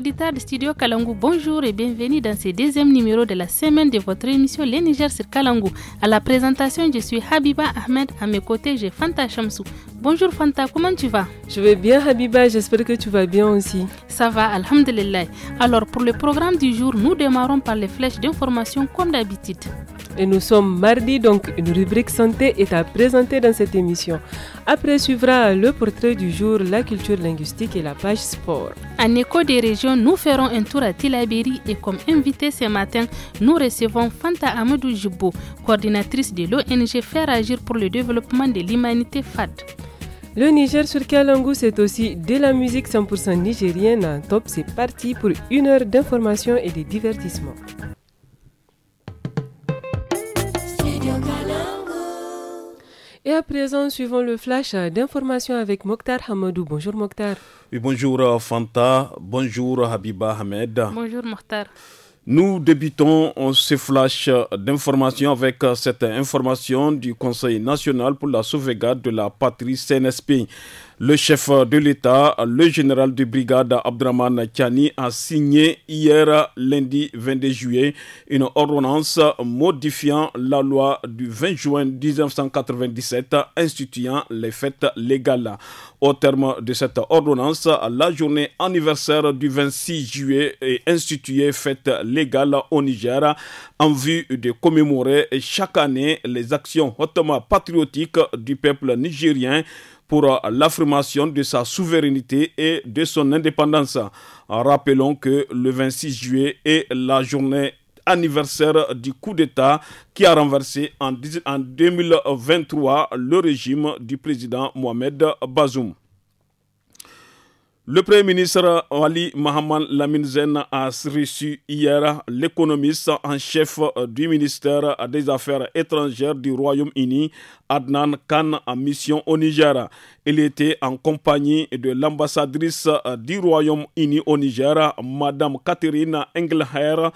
de Studio Kalangu, bonjour et bienvenue dans ce deuxième numéro de la semaine de votre émission Les Niger sur Kalangu. À la présentation, je suis Habiba Ahmed. À mes côtés, j'ai Fanta Chamsou. Bonjour Fanta, comment tu vas Je vais bien Habiba, j'espère que tu vas bien aussi. Ça va, Alhamdulillah. Alors pour le programme du jour, nous démarrons par les flèches d'information comme d'habitude et nous sommes mardi, donc une rubrique santé est à présenter dans cette émission. Après suivra le portrait du jour, la culture linguistique et la page sport. En écho des régions, nous ferons un tour à Tilaberi et comme invité ce matin, nous recevons Fanta Amadou Jibbo, coordinatrice de l'ONG Faire Agir pour le développement de l'humanité FAD. Le Niger sur Kalangou, c'est aussi de la musique 100% nigérienne. En top, c'est parti pour une heure d'information et de divertissement. Et à présent, suivons le flash d'information avec Mokhtar Hamadou. Bonjour Mokhtar. Oui, bonjour Fanta. Bonjour Habiba Ahmed. Bonjour Mokhtar. Nous débutons ce flash d'information avec cette information du Conseil national pour la sauvegarde de la patrie CNSP. Le chef de l'État, le général de brigade Abdraman Tiani, a signé hier lundi 22 juillet une ordonnance modifiant la loi du 20 juin 1997 instituant les fêtes légales. Au terme de cette ordonnance, la journée anniversaire du 26 juillet est instituée fête légale au Niger en vue de commémorer chaque année les actions hautement patriotiques du peuple nigérien pour euh, l'affirmation de sa souveraineté et de son indépendance. Euh, rappelons que le 26 juillet est la journée anniversaire du coup d'État qui a renversé en 2023 le régime du président Mohamed Bazoum. Le Premier ministre Ali Mohamed Laminzen a reçu hier l'économiste en chef du ministère des Affaires étrangères du Royaume-Uni, Adnan Khan, en mission au Niger. Il était en compagnie de l'ambassadrice du Royaume-Uni au Niger, Madame Catherine Engelher.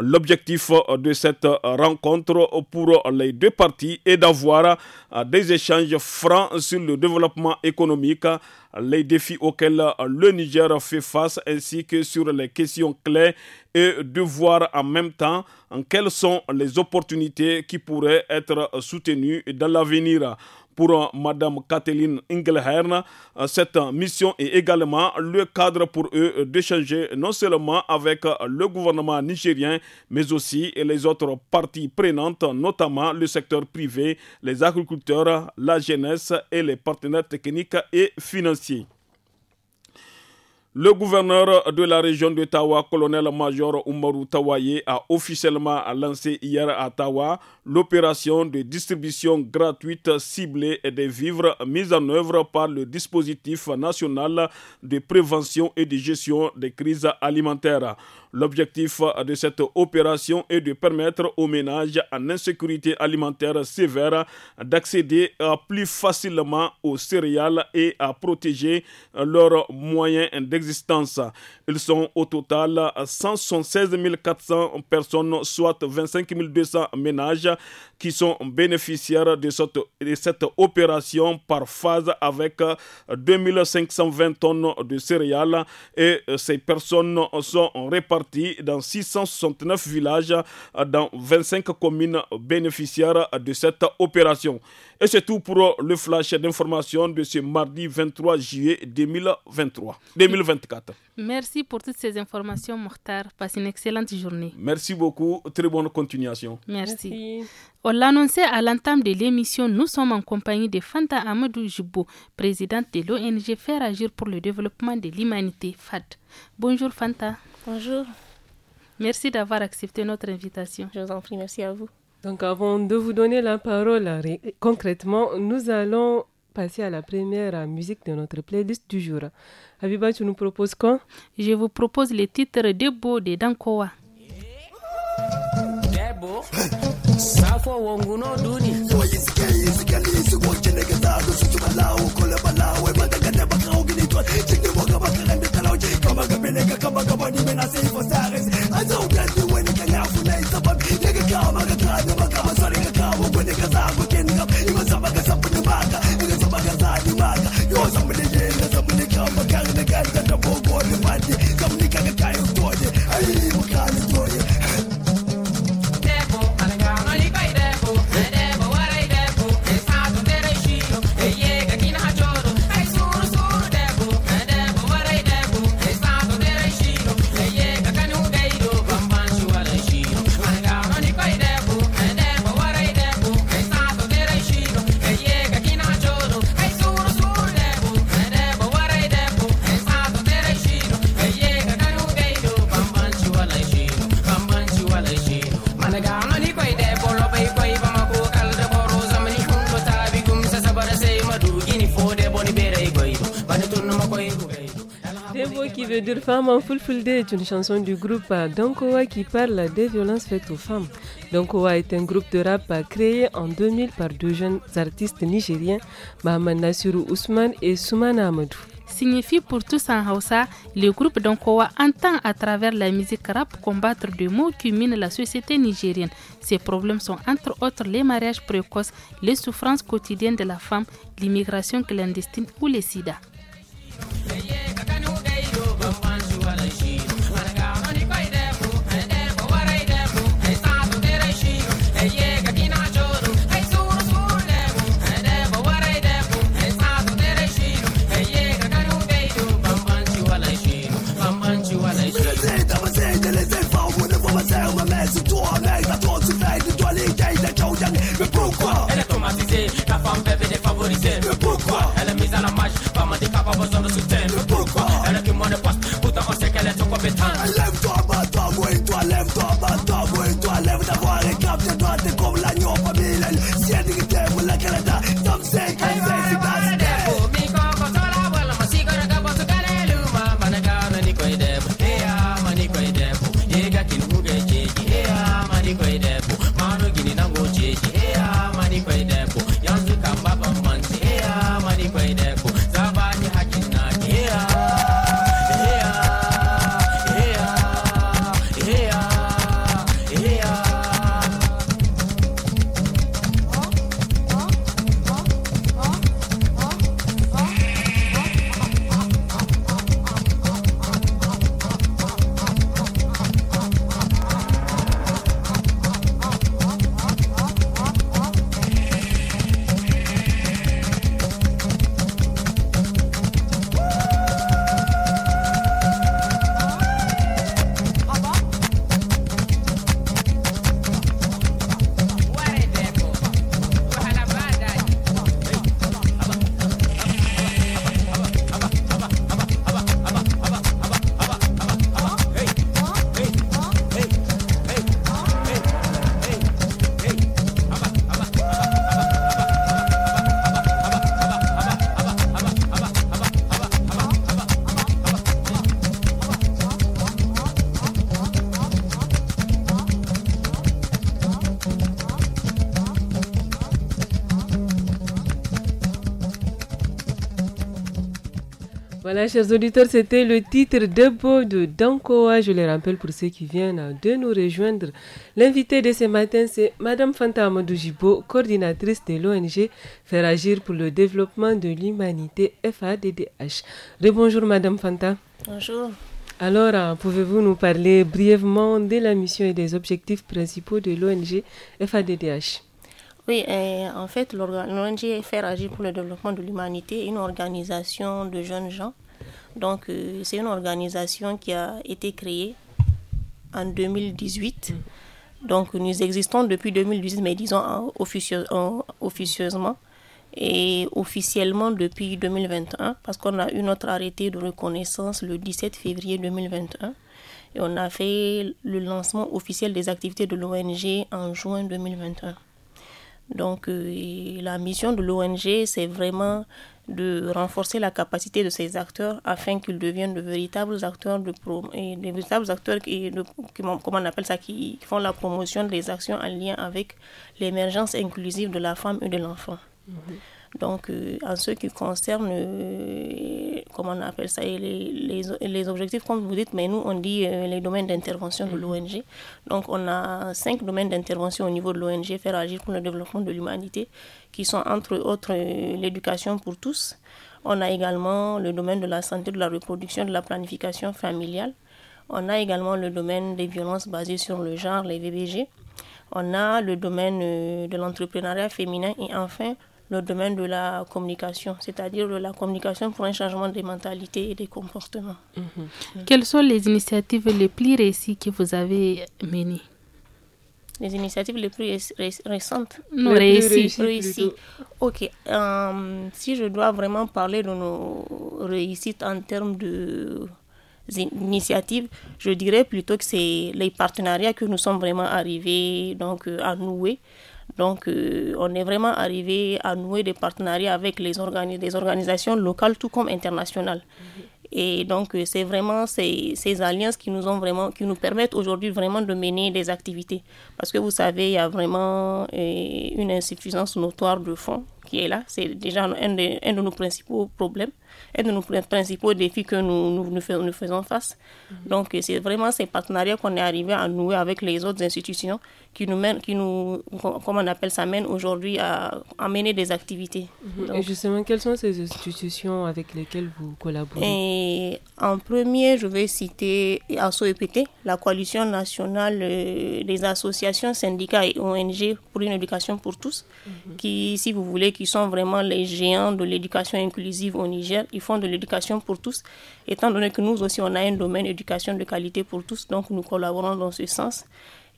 L'objectif euh, de cette euh, rencontre pour euh, les deux parties est d'avoir des échanges francs sur le développement économique, les défis auxquels le Niger fait face ainsi que sur les questions clés et de voir en même temps quelles sont les opportunités qui pourraient être soutenues dans l'avenir pour euh, Madame Kathleen Ingelhern. Euh, cette mission est également le cadre pour eux d'échanger non seulement avec euh, le gouvernement nigérien, mais aussi les autres parties prenantes, notamment le secteur privé, les agriculteurs, la jeunesse et les partenaires techniques et financiers. Le gouverneur de la région de Tawa, colonel-major Umaru Tawaye, a officiellement lancé hier à Tawa l'opération de distribution gratuite ciblée des vivres mise en œuvre par le dispositif national de prévention et de gestion des crises alimentaires. L'objectif de cette opération est de permettre aux ménages en insécurité alimentaire sévère d'accéder plus facilement aux céréales et à protéger leurs moyens d'existence. Ils sont au total 176 400 personnes, soit 25 200 ménages qui sont bénéficiaires de cette, opération par phase avec 2520 tonnes de céréales et ces personnes sont réparties dans 669 villages euh, dans 25 communes bénéficiaires de cette opération. Et c'est tout pour euh, le flash d'information de ce mardi 23 juillet 2023, 2024. Merci pour toutes ces informations, Mokhtar. Passe une excellente journée. Merci beaucoup. Très bonne continuation. Merci. Merci. On l'annonçait à l'entame de l'émission, nous sommes en compagnie de Fanta Amadou Jubbo, présidente de l'ONG Faire Agir pour le développement de l'humanité, FAD. Bonjour Fanta. Bonjour. Merci d'avoir accepté notre invitation. Je vous en prie, merci à vous. Donc avant de vous donner la parole concrètement, nous allons passer à la première musique de notre playlist du jour. Habiba, tu nous proposes quoi Je vous propose le titre de Dankowa. Debo Safo Femme en Day est une chanson du groupe Donkowa qui parle des violences faites aux femmes. Donkowa est un groupe de rap créé en 2000 par deux jeunes artistes nigériens, Mohamed Nasiru Ousmane et Soumana Amadou. Signifie pour tous en Hausa, le groupe Donkowa entend à travers la musique rap combattre des maux qui minent la société nigérienne. Ces problèmes sont entre autres les mariages précoces, les souffrances quotidiennes de la femme, l'immigration clandestine ou les sida. tu tournes, la tour du fait l'étoilité de Jordan. Mais pourquoi Elle est traumatisée, ta femme faible est défavorisée. Mais pourquoi Elle est mise à la marge, femme handicapée, besoin de soutien. Mais pourquoi Elle est que moi ne poste, pourtant on sait qu'elle est trop compétente. Lève-toi, bat-toi, oui, toi, lève-toi, bat chers auditeurs, c'était le titre de beau de Dankoa. Je les rappelle pour ceux qui viennent de nous rejoindre. L'invité de ce matin, c'est Madame Fanta Amadoujibo, coordinatrice de l'ONG Faire Agir pour le développement de l'humanité FADDH. Bonjour Madame Fanta. Bonjour. Alors, euh, pouvez-vous nous parler brièvement de la mission et des objectifs principaux de l'ONG FADDH oui, euh, en fait, l'ONG Faire Agir pour le développement de l'humanité une organisation de jeunes gens donc, euh, c'est une organisation qui a été créée en 2018. Mm. Donc, nous existons depuis 2018, mais disons officieusement et officiellement depuis 2021, parce qu'on a eu notre arrêté de reconnaissance le 17 février 2021. Et on a fait le lancement officiel des activités de l'ONG en juin 2021. Donc, euh, la mission de l'ONG, c'est vraiment de renforcer la capacité de ces acteurs afin qu'ils deviennent de véritables acteurs de et des véritables acteurs qui, comment on appelle ça qui, font la promotion des actions en lien avec l'émergence inclusive de la femme et de l'enfant. Mhm. Donc, euh, en ce qui concerne, euh, comment on appelle ça, les, les, objectifs, comme vous dites, mais nous, on dit euh, les domaines d'intervention de mhm. l'ONG. Donc, on a cinq domaines d'intervention au niveau de l'ONG, faire agir pour le développement de l'humanité, qui sont entre autres l'éducation pour tous. On a également le domaine de la santé, de la reproduction, de la planification familiale. On a également le domaine des violences basées sur le genre, les VBG. On a le domaine de l'entrepreneuriat féminin et enfin le domaine de la communication, c'est-à-dire la communication pour un changement des mentalités et des comportements. Mhm. Quelles sont les initiatives les plus réussies que vous avez menées les initiatives les plus récentes Non, réussies. Ok. Euh, si je dois vraiment parler de nos réussites en termes de initiatives, je dirais plutôt que c'est les partenariats que nous sommes vraiment arrivés donc, euh, à nouer donc, euh, on est vraiment arrivé à nouer des partenariats avec les des organisations locales tout comme internationales. Mhm. Et donc, euh, c'est vraiment ces, alliances qui nous, qui nous permettent aujourd'hui vraiment de mener des activités. Parce que vous savez, il y a vraiment euh, une insuffisance notoire de fonds qui est là. C'est déjà un de, nos principaux problèmes, un de nos principaux défis que nous, nous, faisons face. Mhm. Donc, c'est vraiment ces partenariats qu'on est arrivé à nouer avec les autres institutions qui nous mènent, qui nous, comment on appelle ça, mènent aujourd'hui à, à, mener des activités. Mhm. Donc, justement, quelles sont ces institutions avec lesquelles vous collaborez Et En premier, je vais citer ASOEPT, la Coalition nationale euh, des associations, syndicats et ONG pour une éducation pour tous, mhm. qui, si vous voulez, qui sont vraiment les géants de l'éducation inclusive au Niger. Ils font de l'éducation pour tous, étant donné que nous aussi, on a un domaine éducation de qualité pour tous, donc nous collaborons dans ce sens.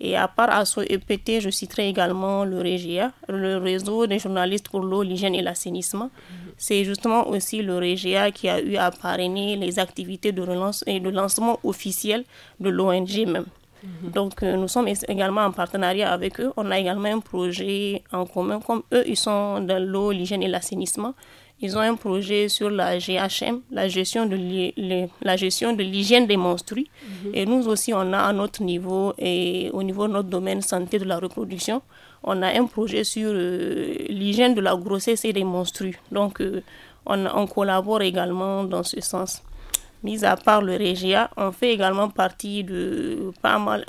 Et à part ce EPT, je citerai également le REGIA, le réseau des journalistes pour l'eau, l'hygiène et l'assainissement. C'est justement aussi le REGIA qui a eu à parrainer les activités de relance et de lancement officiel de l'ONG même. Mhm. Donc, euh, nous sommes également en partenariat avec eux. On a également un projet en commun. Comme eux, ils sont dans l'eau, l'hygiène et l'assainissement. Ils ont un projet sur la GHM, la gestion de l'hygiène des menstrues. Mhm. Et nous aussi, on a à notre niveau et au niveau de notre domaine santé de la reproduction, on a un projet sur euh, l'hygiène de la grossesse et des menstrues. Donc, euh, on collabore également dans ce sens. Mise à part le Régia, on fait également partie de pas mal,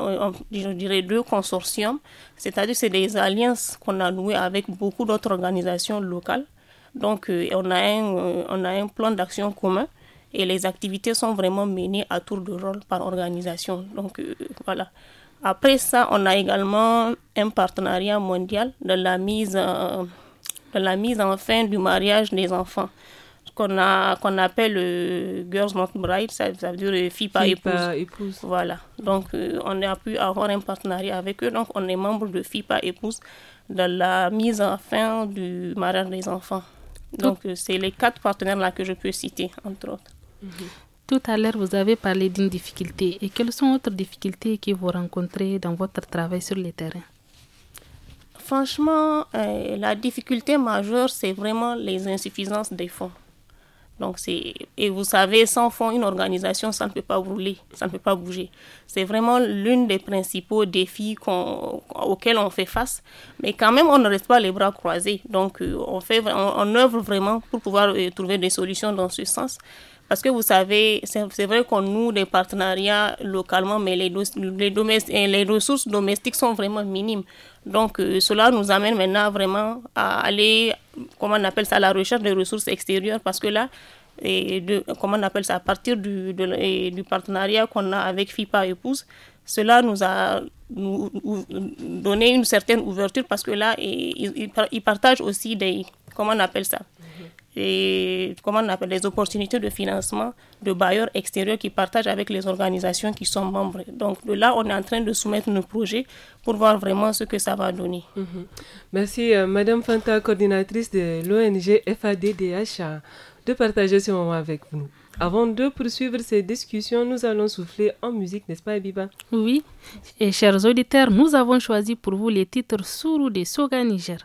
je dirais deux consortiums, c'est-à-dire c'est des alliances qu'on a nouées avec beaucoup d'autres organisations locales. Donc euh, on a un, euh, on a un plan d'action commun et les activités sont vraiment menées à tour de rôle par organisation. Donc euh, voilà. Après ça, on a également un partenariat mondial de la mise, de la mise en fin du mariage des enfants qu'on a qu'on appelle euh, Girls Not Bride, ça, veut dire euh, épouse. Voilà. Donc euh, on a pu avoir un partenariat avec eux. Donc on est membre de Fipa par épouse dans la mise en fin du mariage des enfants. Donc euh, c'est les quatre partenaires là que je peux citer entre autres. Mhm. Tout à l'heure, vous avez parlé d'une difficulté. Et quelles sont autres difficultés que vous rencontrez dans votre travail sur le terrain Franchement, la difficulté majeure, c'est vraiment les insuffisances des fonds. Donc c'est et vous savez, sans fond, une organisation, ça ne peut pas rouler, ça ne peut pas bouger. C'est vraiment l'un des principaux défis auxquels on fait face. Mais quand même, on ne reste pas les bras croisés. Donc euh, on fait, on, œuvre vraiment pour pouvoir euh, trouver des solutions dans ce sens. Parce que vous savez, c'est vrai qu'on nous des partenariats localement, mais les, les, les ressources domestiques sont vraiment minimes. Donc euh, cela nous amène maintenant vraiment à aller, comment on appelle ça, à la recherche des ressources extérieures, parce que là, et comment on appelle ça, à partir du, du partenariat qu'on a avec FIPA Épouse, cela nous a donné une certaine ouverture parce que là, ils partagent aussi des, comment on appelle ça, et comment on appelle les opportunités de financement de bailleurs extérieurs qui partagent avec les organisations qui sont membres. Donc de là, on est en train de soumettre nos projets pour voir vraiment ce que ça va donner. Mhm. Merci, Mme euh, Madame Fanta, coordinatrice de l'ONG FADDH, euh, de partager ce moment avec nous. Avant de poursuivre ces discussions, nous allons souffler en musique, n'est-ce pas, Biba Oui. Et chers auditeurs, nous avons choisi pour vous les titres Sourou des Soga Niger.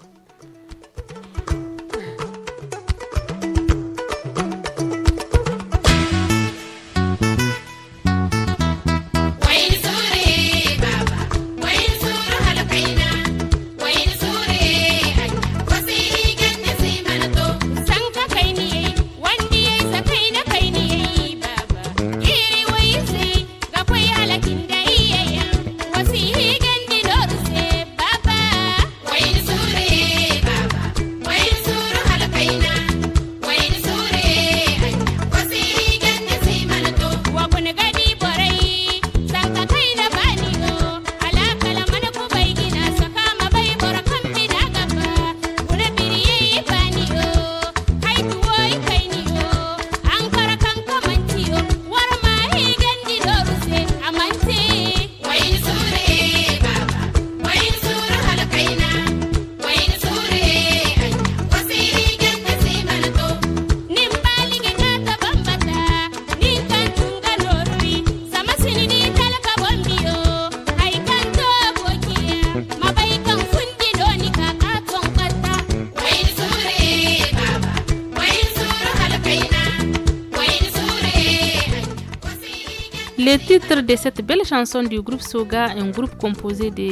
de cette belle chanson du groupe Soga, un groupe composé de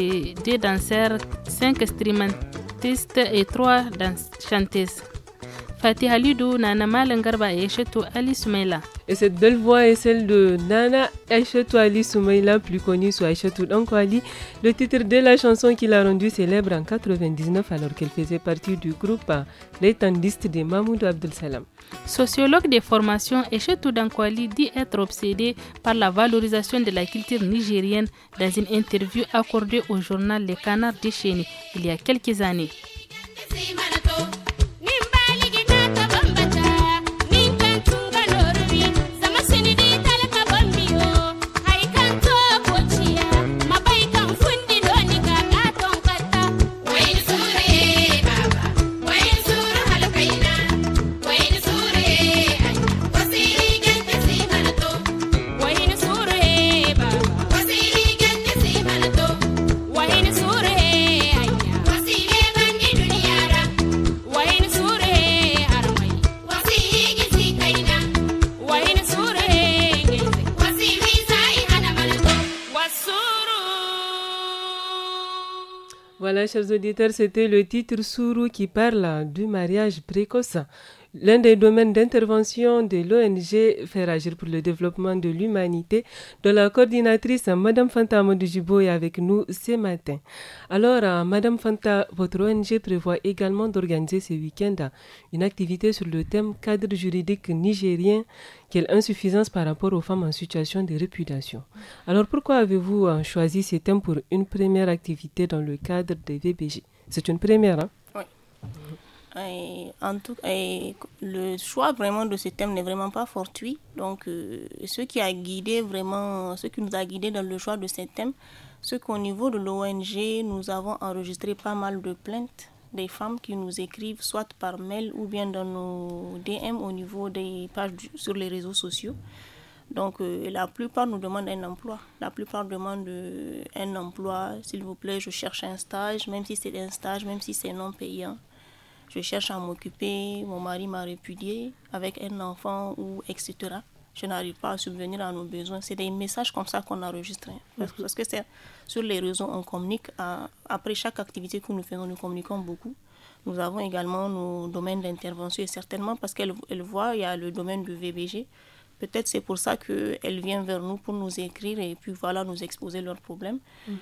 deux danseurs, cinq instrumentistes et trois chanteuses. Fatih Halidou, Nana Malengarba et Chetou Ali Sumela. Et cette belle voix est celle de Nana Eshetou Ali Soumaïla, plus connue sous Danko Ali, le titre de la chanson qui l'a rendue célèbre en 1999 alors qu'elle faisait partie du groupe Les Tandistes de Mahmoud Abdel Salam. Sociologue des formations, Eshetou Dankwali dit être obsédé par la valorisation de la culture nigérienne dans une interview accordée au journal Les Canards déchaînés il y a quelques années. chers auditeurs, c'était le titre Sourou qui parle du mariage précoce. L'un des domaines d'intervention de l'ONG Faire agir pour le développement de l'humanité, dont la coordinatrice Madame Fanta Modujibo est avec nous ce matin. Alors, euh, Madame Fanta, votre ONG prévoit également d'organiser ce week-end une activité sur le thème cadre juridique nigérien quelle insuffisance par rapport aux femmes en situation de répudiation. Alors pourquoi avez-vous euh, choisi ces thèmes pour une première activité dans le cadre des VBG C'est une première, hein Oui. en tout, le choix vraiment de ce thème n'est vraiment pas fortuit. Donc, euh, ce qui a guidé vraiment, ce qui nous a guidé dans le choix de ce thème, c'est qu'au niveau de l'ONG, nous avons enregistré pas mal de plaintes des femmes qui nous écrivent soit par mail ou bien dans nos DM au niveau des pages sur les réseaux sociaux. Donc euh, la plupart nous demandent un emploi. La plupart demandent euh, un emploi, s'il vous plaît, je cherche un stage, même si c'est un stage, même si c'est non payant. Je cherche à m'occuper, mon mari m'a répudié avec un enfant ou etc je n'arrive pas à subvenir à nos besoins. C'est des messages comme ça qu'on enregistre. Hein. Mhm. Parce, que c'est sur les réseaux, on communique. après chaque activité que nous faisons, nous communiquons beaucoup. Nous avons également nos domaines d'intervention et certainement parce qu'elle voit, il y a le domaine du VBG, Peut-être c'est pour ça qu'elles vient vers nous pour nous écrire et puis voilà, nous exposer leurs problèmes. Mhm.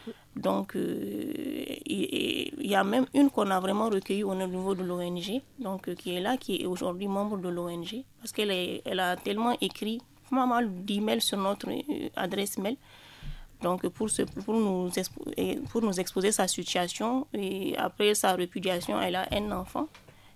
Donc, euh, il y a même une qu'on a vraiment recueillie au niveau de l'ONG, donc euh, qui est là, qui est aujourd'hui membre de l'ONG, parce qu'elle elle a tellement écrit pas mal d'emails sur notre euh, adresse mail. Donc pour, pour, nous, pour nous exposer sa situation et après sa répudiation, elle a un enfant.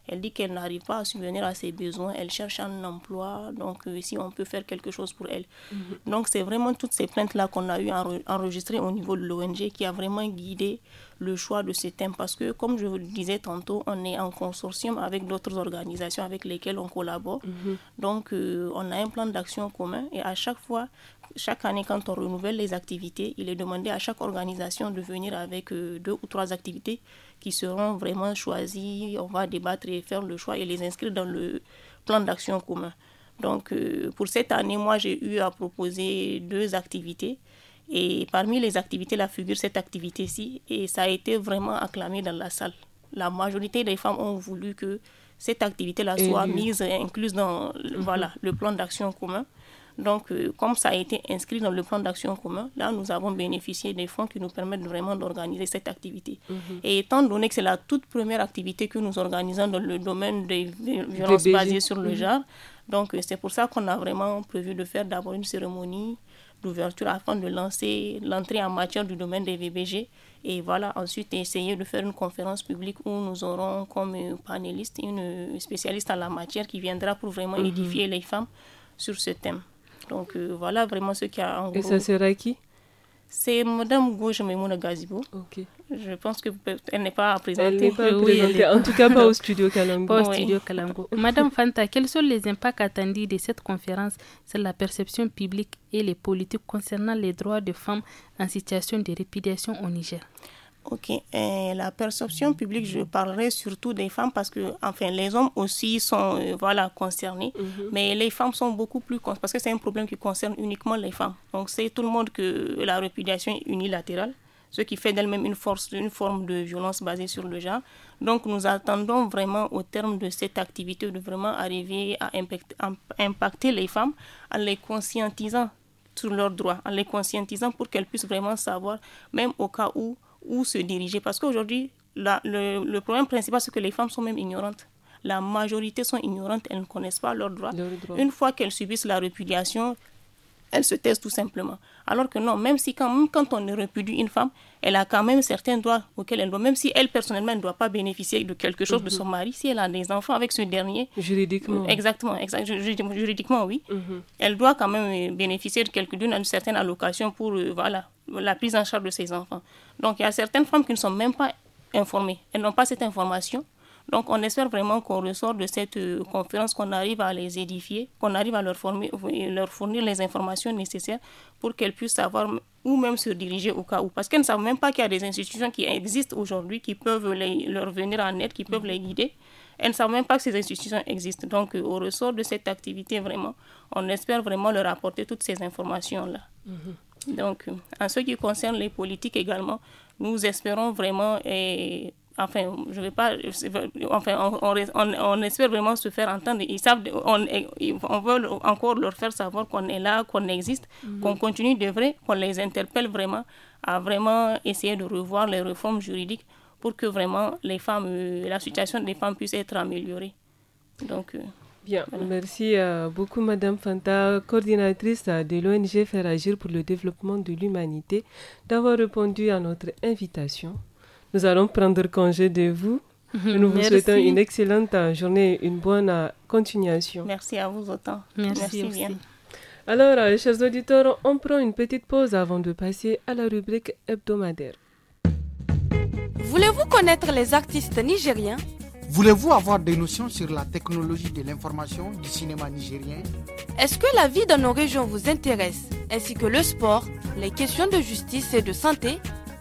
Elle dit qu'elle n'arrive pas à subvenir à ses besoins, elle cherche un emploi, donc euh, si on peut faire quelque chose pour elle. Mhm. Donc c'est vraiment toutes ces plaintes-là qu'on a eu enregistrées au niveau de l'ONG qui a vraiment guidé le choix de ces thèmes parce que, comme je vous le disais tantôt, on est en consortium avec d'autres organisations avec lesquelles on collabore. Mhm. Donc euh, on a un plan d'action commun et à chaque fois, chaque année, quand on renouvelle les activités, il est demandé à chaque organisation de venir avec euh, deux ou trois activités qui seront vraiment choisies. On va débattre et faire le choix et les inscrire dans le plan d'action commun. Donc, euh, pour cette année, moi, j'ai eu à proposer deux activités. Et parmi les activités, la figure cette activité-ci. Et ça a été vraiment acclamé dans la salle. La majorité des femmes ont voulu que cette activité-là soit mise, incluse dans voilà, le plan d'action commun. Donc, euh, comme ça a été inscrit dans le plan d'action commun, là, nous avons bénéficié des fonds qui nous permettent vraiment d'organiser cette activité. Mhm. Et étant donné que c'est la toute première activité que nous organisons dans le domaine des violences basées sur le mhm. genre, donc euh, c'est pour ça qu'on a vraiment prévu de faire d'abord une cérémonie d'ouverture afin de lancer l'entrée en matière du domaine des VBG. Et voilà, ensuite essayer de faire une conférence publique où nous aurons comme euh, panéliste une spécialiste en la matière qui viendra pour vraiment mhm. édifier les femmes sur ce thème. Donc euh, voilà vraiment ce qu'il y a en gros. Et ça sera qui C'est Madame Gauche Memouna Gazibo. Ok. Je pense qu'elle n'est pas Elle n'est pas en tout cas pas au studio Kalango. Pas au studio Kalango. Madame Fanta, quels sont les impacts attendus de cette conférence sur la perception publique et les politiques concernant les droits de femmes en situation de répudiation au Niger Ok, la perception publique, je parlerai surtout des femmes parce que, enfin, les hommes aussi sont, euh, voilà, concernés, mhm. mais les femmes sont beaucoup plus concernées parce que c'est un problème qui concerne uniquement les femmes. Donc, c'est tout le monde que la répudiation est unilatérale, ce qui fait d'elle-même une force, une forme de violence basée sur le genre. Donc, nous attendons vraiment au terme de cette activité de vraiment arriver à impacter les femmes en les conscientisant sur leurs droits, en les conscientisant pour qu'elles puissent vraiment savoir, même au cas où où se diriger. Parce qu'aujourd'hui, le, problème principal, c'est que les femmes sont même ignorantes la majorité sont ignorantes, elles ne connaissent pas leurs droits. Une fois qu'elles subissent la répudiation, elle se taisent tout simplement. Alors que non, même si quand, même quand on répudie une femme, elle a quand même certains droits auxquels elle doit, même si elle personnellement ne doit pas bénéficier de quelque chose de mhm. son mari, si elle a des enfants avec ce dernier. Juridiquement. Euh, exactement, juridiquement oui. Mhm. Elle doit quand même euh, bénéficier de quelque d'une certaine allocation pour euh, la prise en charge de ses enfants. Donc il y a certaines femmes qui ne sont même pas informées. Elles n'ont pas cette information. Donc on espère vraiment qu'on ressort de cette euh, conférence, qu'on arrive à les édifier, qu'on arrive à leur, euh, fournir les informations nécessaires pour qu'elles puissent savoir ou même se diriger au cas où. Parce qu'elles ne savent même pas qu'il y a des institutions qui existent aujourd'hui, qui peuvent leur venir en aide, qui peuvent mhm. les guider. Elles ne savent même pas que ces institutions existent. Donc, euh, au ressort de cette activité, vraiment, on espère vraiment leur apporter toutes ces informations-là. Mhm. Donc, en ce qui concerne les politiques également, nous espérons vraiment... et enfin, je vais pas, enfin, on, espère vraiment se faire entendre. Ils savent, on, veut encore leur faire savoir qu'on est là, qu'on existe, mhm. qu'on continue de vrai, qu'on les interpelle vraiment à vraiment essayer de revoir les réformes juridiques pour que vraiment les femmes, euh, la situation des femmes puisse être améliorée. Donc. Euh, Bien, merci euh, beaucoup Madame Fanta, coordinatrice de l'ONG Faire Agir pour le développement de l'humanité, d'avoir répondu à notre invitation. Nous allons prendre congé de vous. Nous vous souhaitons une excellente journée, une bonne euh, continuation. Merci à vous autant. Merci, bien. Alors, euh, chers auditeurs, on prend une petite pause avant de passer à la rubrique hebdomadaire. Voulez-vous connaître les artistes nigériens Voulez-vous avoir des notions sur la technologie de l'information du cinéma nigérien Est-ce que la vie dans nos régions vous intéresse, ainsi que le sport, les questions de justice et de santé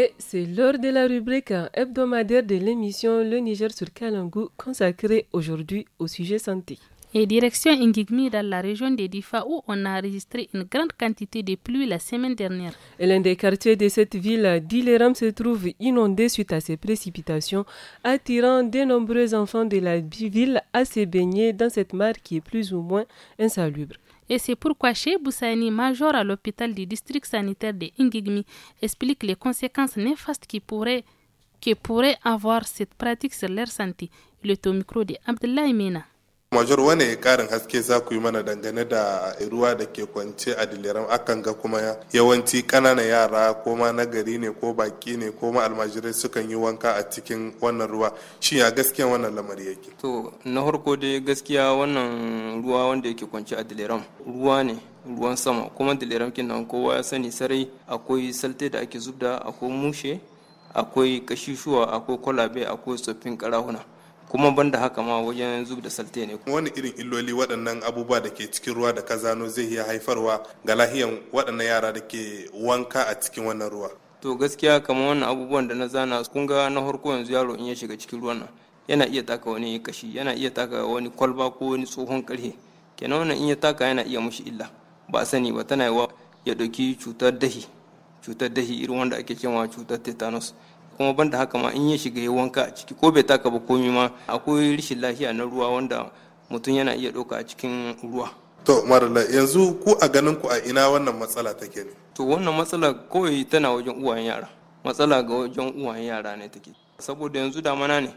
Et c'est lors de la rubrique hebdomadaire de l'émission Le Niger sur Kalangou consacrée aujourd'hui au sujet santé. Et direction Ngigmi dans la région de Difa où on a enregistré une grande quantité de pluie la semaine dernière. L'un des quartiers de cette ville d'Ileram se trouve inondé suite à ces précipitations, attirant de nombreux enfants de la ville à se baigner dans cette mare qui est plus ou moins insalubre. Et c'est pourquoi chez Boussani, major à l'hôpital du district sanitaire de Ingigmi, explique les conséquences néfastes que pourrait avoir cette pratique sur leur santé. Le micro de Abdullah Mena. major wane karin haske za ku yi mana dangane da ruwa da ke kwance a diliran akan ga kuma yawanci kananan yara ko ma na ne ko baki ne ko ma almajirai sukan yi wanka a cikin wannan ruwa shi ya gaskiya wannan lamari yake to na harko dai gaskiya wannan ruwa wanda yake kwance a diliran ruwa ne ruwan sama kuma diliran kinan kowa ya sani sarai akwai salte da ake zubda akwai mushe akwai kashishuwa akwai kwalabe akwai tsoffin karahuna kuma banda haka ma wajen zub da salte ne wani irin illoli waɗannan abubuwa da ke cikin ruwa da kazano zai iya haifarwa ga lahiyan waɗannan yara da ke wanka a cikin wannan ruwa to gaskiya kamar wannan abubuwan da na zana kun ga na harko yanzu yaro in ya shiga cikin ruwan nan yana iya taka wani kashi yana iya taka wani kwalba ko wani tsohon karhe kenan wannan in ya taka yana iya mushi illa ba sani ba tana yawa ya ɗauki cutar dahi cutar dahi irin wanda ake cewa cutar tetanus kuma banda haka ma in ya shiga ya wanka a ciki ko bai taka ba komi ma akwai rashin lafiya na ruwa wanda mutum yana iya ɗauka a cikin ruwa to marala yanzu ku a ganin ku a ina wannan matsala take ne to wannan matsala kawai tana wajen uwayen yara matsala ga wajen uwayen yara ne take saboda yanzu damana ne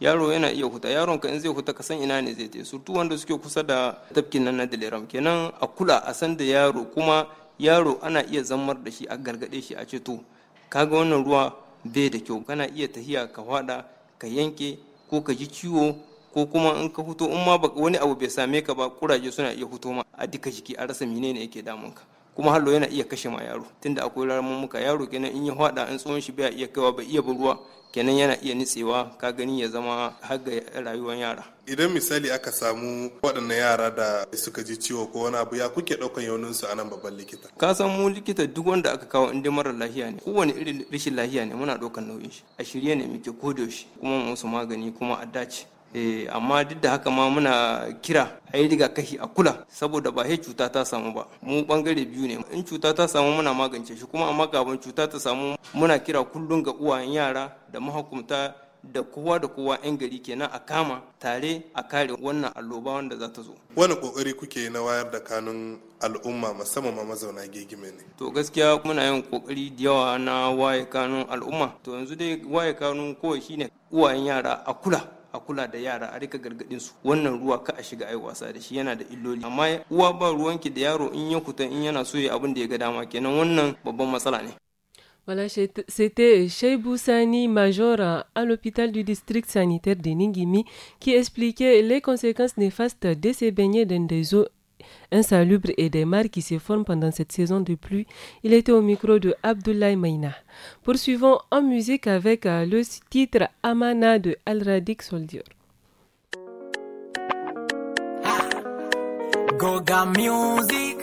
yaro yana iya huta yaron ka in zai huta ka san ina ne zai tafi surtu wanda suke kusa da tafkin nan na daliram kenan a kula a san da yaro kuma yaro ana iya zammar da shi a gargade shi a ce to kaga wannan ruwa bai da kyau kana iya tahiya ka faɗa ka yanke ko ka ji ciwo ko kuma in ka huto in ma wani abu bai same ka ba kuraje suna iya huto ma a duka jiki a rasa menene yake damun ka kuma hallo yana iya kashe ma yaro tunda akwai muka yaro kenan in ya hada in tsohon shi bai iya kaiwa bai iya ruwa kenan yana iya nitsewa ka gani ya zama haga rayuwar yara idan misali aka samu waɗannan yara da suka ji ciwo ko wani abu ya kuke ɗaukan yauninsu a nan babban likita ka san mu likita duk wanda aka kawo inda mara lafiya ne kowane irin rashin lafiya ne muna ɗaukan nauyin shi a shirye ne muke kodo shi kuma musu magani kuma a dace Eh, amma duk da haka ma muna kira a yi rigakafi a kula saboda ba sai cuta ta samu ba mu bangare biyu ne in cuta ta samu muna magance shi kuma amma kafin cuta ta samu muna kira kullum ga uwayen yara da mahukunta da kowa da kowa 'yan gari kenan a kama tare a kare wannan alloba wanda za ta zo wani kokari kuke na wayar da kanun al'umma musamman ma mazauna gegime ne to gaskiya muna yin kokari da yawa na waye kanun al'umma to yanzu dai waye kanun kowa shine uwayen yara a kula a kula da yara a rika gargaɗin su wannan ruwa ka a shiga ai wasa da shi yana da illoli amma uwa ba ruwanki da yaro in ya kuta in yana so ya abin da ya ga dama kenan wannan babban matsala ne Voilà, c'était Sheibou Sani, major à l'hôpital du district sanitaire de Ningimi, qui expliquait les conséquences néfastes de ces baignets dans des eaux insalubre et des marques qui se forment pendant cette saison de pluie. Il était au micro de Abdoulaye Maïna. Poursuivons en musique avec euh, le titre Amana de Al Radik Soldier. Ah, Goga Music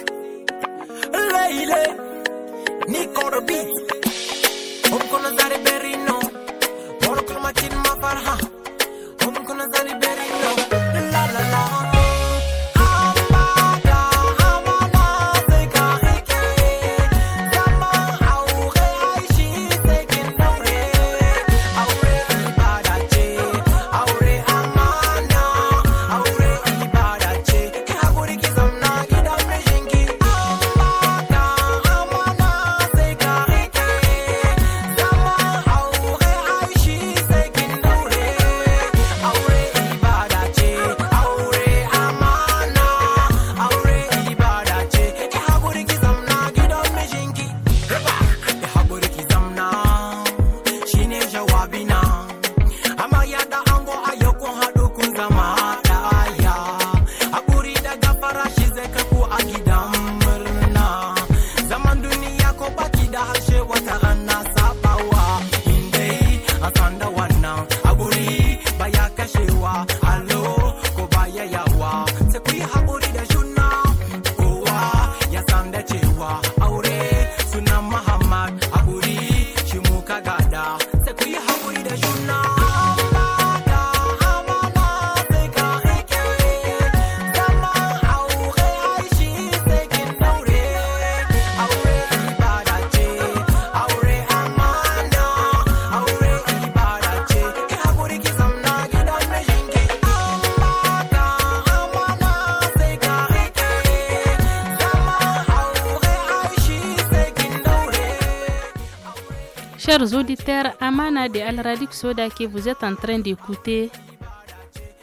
auditeurs, Amana de Al Radik Soda que vous êtes en train d'écouter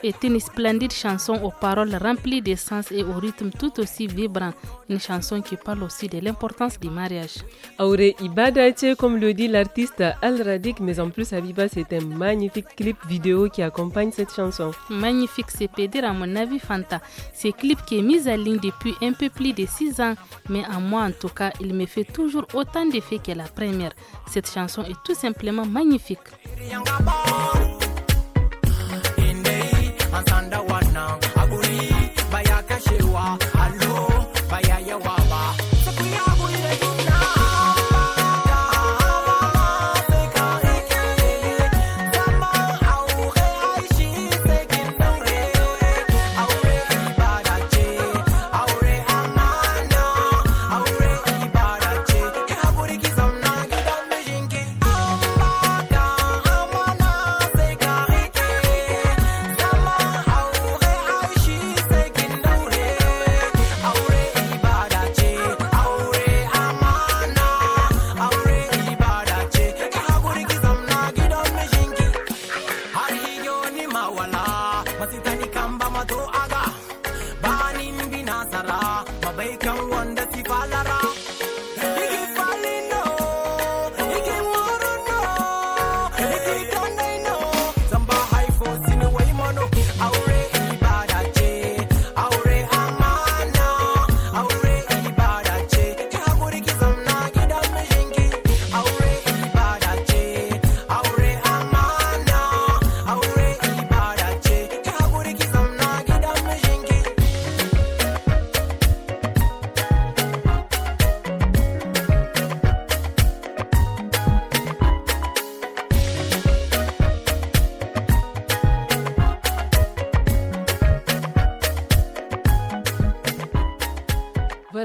est une splendide chanson aux paroles remplies de sens et au rythme tout aussi vibrant, une chanson qui parle aussi de l'importance du mariage. Aure Ibada comme le dit l'artiste Al Radik, mais en plus Abiba, c'est un magnifique clip vidéo qui accompagne cette chanson. Magnifique, c'est pédé à mon avis Fanta. un clip qui est mis en ligne depuis un peu plus de 6 ans, mais à moi en tout cas, il me fait toujours autant d'effet que la première. Cette chanson est tout simplement magnifique.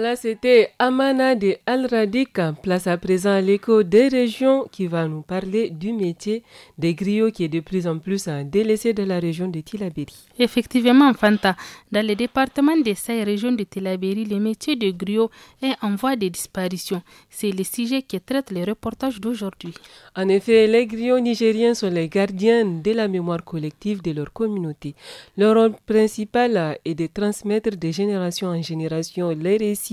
Voilà, c'était Amana de Al Place à présent à l'écho des régions qui va nous parler du métier des griots qui est de plus en plus un hein, délaissé de la région de Tilabéry. Effectivement, Fanta, dans le département des ces régions de Tilabéry, le métier de griot est en voie de disparition. C'est le sujet qui traite le reportage d'aujourd'hui. En effet, les griots nigériens sont les gardiens de la mémoire collective de leur communauté. Leur rôle principal est de transmettre de génération en génération les récits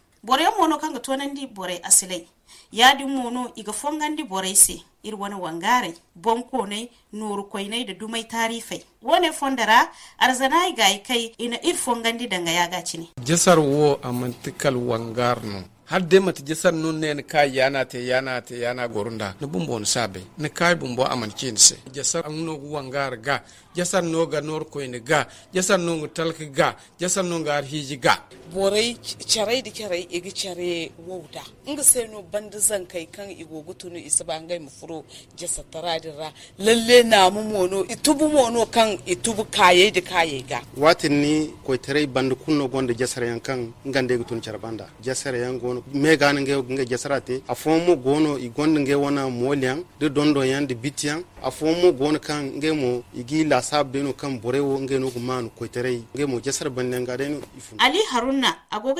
bore mono kanga tonandi bore asilai di mono iga fongandi bore se ir wani wangare bonko ne nuru koinai da dumai tarifai wane fondara arzanai ga kai ina ir fongandi danga ya gaci ne jasar wo amantikal wangarno har dai mata san nun ne ni kai yana te yana te yana gorunda ni bun bon sabe ni kai bumbo aman an jasar angno wangar ga jasar no ga nor ko ni ga jasar no talk ga jasar no ga hiji ga borai charai di charai gi chare wauda inga sai no bandi zan kai kan igogo tunu isa ba ngai mu furo jasa taradira lalle na mu mono itubu mono kan itubu kaye di kaye ga watin ni ko tare bandu kunno gonda jasar yankan ngande gutun charbanda jasar yangon me gani nge nge a fomo gono i gonde nge wona molian de dondo yan de bitian fomo gono kan nge mo igi la sabde no kan borewo nge no gumanu ko tere nge mo jasar banne ngade no ifu ali haruna